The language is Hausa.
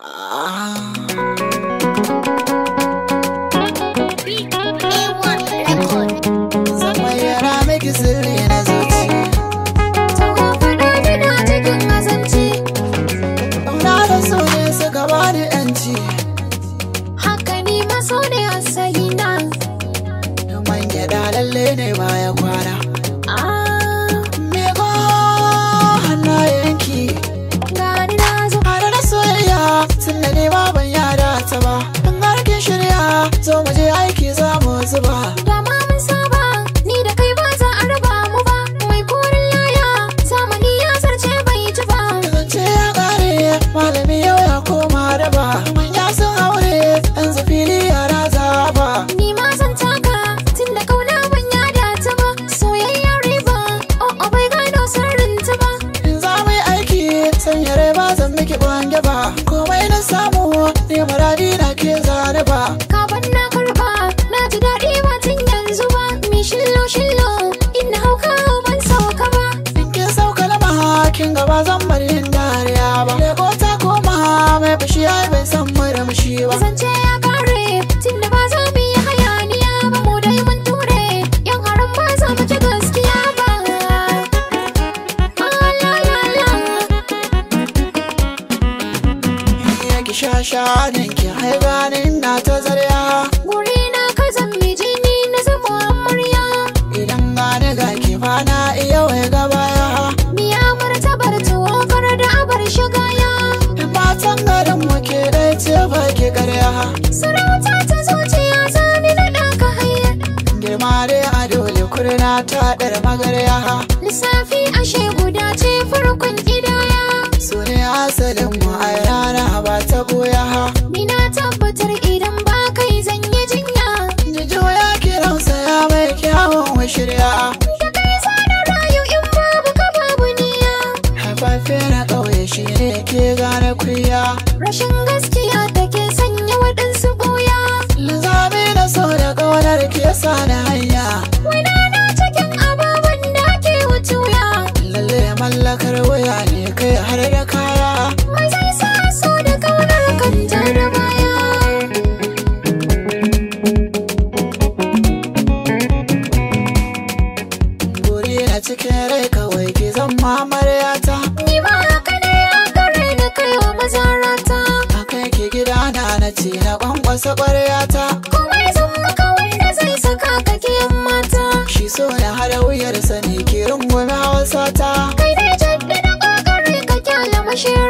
Uh, kin gaba zan marin dariya ba lego ta koma mai fushi ai bai san murmushi ba zance ya kare Tin da ba za mu yi hayaniya ba mu dai mun ture yan haram ba za mu ci gaskiya ba ya ki sha sha ki haibanin na ta zare Sarauta ta ya zani na ɗan ka haye. Girma dai a dole kurna ta ɗar magarya. Lissafi ashe guda ce farkon idaya. Sune kawai ki zan mamaryata ni ma haka ne gare ni kai wa mazarata a kai ki gida na na ce na kwankwasa Kuma komai zan kawai wanda zai saka ka ki mata shi so ya hada wuyar sani ki rungume wasa ta. kai dai jaddada ƙoƙari ka kyale mashi